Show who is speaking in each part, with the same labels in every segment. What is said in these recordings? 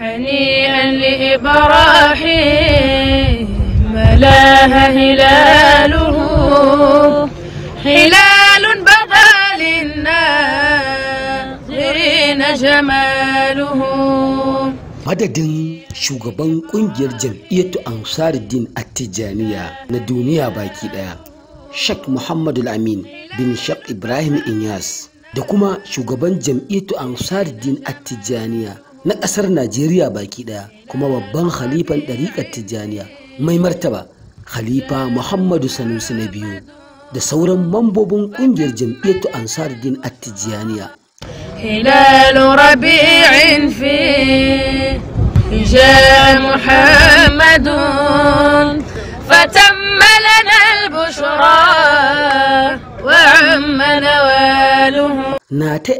Speaker 1: هنيئا لإبراحيم ملاها هلاله للناظرين جماله madadin shugaban kungiyar jam'iyyatu ansaruddin attijaniya na duniya baki daya shak muhammadu amin bin shak ibrahim inyas da kuma shugaban jam'iyyatu ansaruddin attijaniya na ƙasar najeriya baki ɗaya kuma babban khalifan ɗariƙar tijjaniya mai martaba khalifa muhammadu sanusi na biyu da sauran mambobin ƙungiyar jam'iyyar ansar din attijjaniya
Speaker 2: هلال ربيع فيه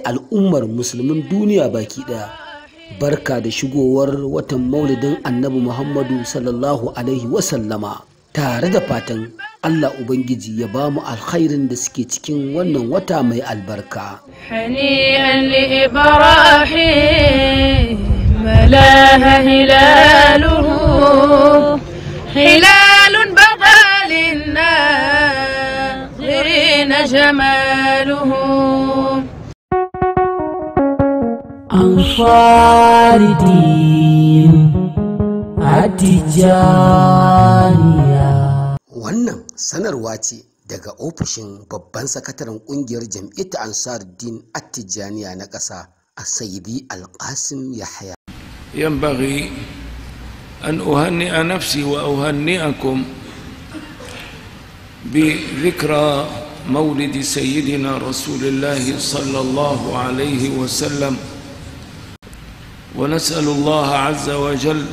Speaker 1: al'ummar musulmin duniya baki ɗaya. barka da shigowar watan maulidin annabi muhammadu sallallahu alaihi wasallama tare da fatan allah ubangiji ya ba mu alkhairin da suke cikin wannan wata mai albarka جماله an fari din atijaniya wannan sanarwa ce daga ofishin babban sakataren kungiyar jam'iyyar ta ansar din atijaniya na ƙasa a sayibi alƙasim ya haya
Speaker 2: yan baghi
Speaker 1: an ohanni
Speaker 2: a nafsi wa ohanni a kom. bi zikra maulidi sayidina rasulillahi sallallahu alaihi wasallam ونسأل الله عز وجل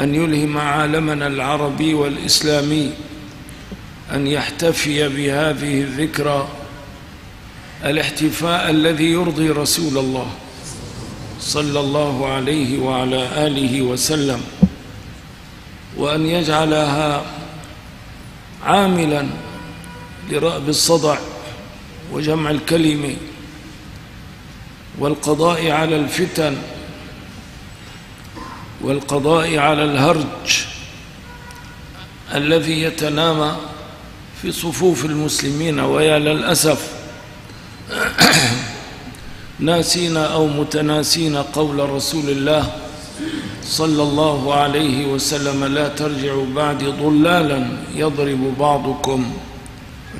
Speaker 2: أن يلهم عالمنا العربي والإسلامي أن يحتفي بهذه الذكرى الاحتفاء الذي يرضي رسول الله صلى الله عليه وعلى آله وسلم وأن يجعلها عاملا لرأب الصدع وجمع الكلمه والقضاء على الفتن والقضاء على الهرج الذي يتنامى في صفوف المسلمين ويا للأسف ناسين أو متناسين قول رسول الله صلى الله عليه وسلم لا ترجعوا بعد ضلالا يضرب بعضكم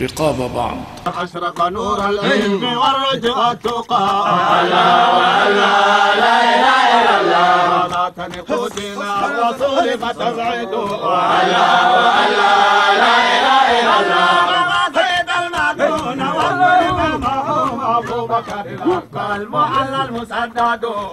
Speaker 2: رقاب بعض
Speaker 1: أشرق نور العلم والرجاء تقى ألا وألا
Speaker 2: لا إله إلا الله مات نقودنا الرسول فتبعد وألا وألا
Speaker 1: لا إله إلا الله أبو بكر الأفضل المعلى المسدد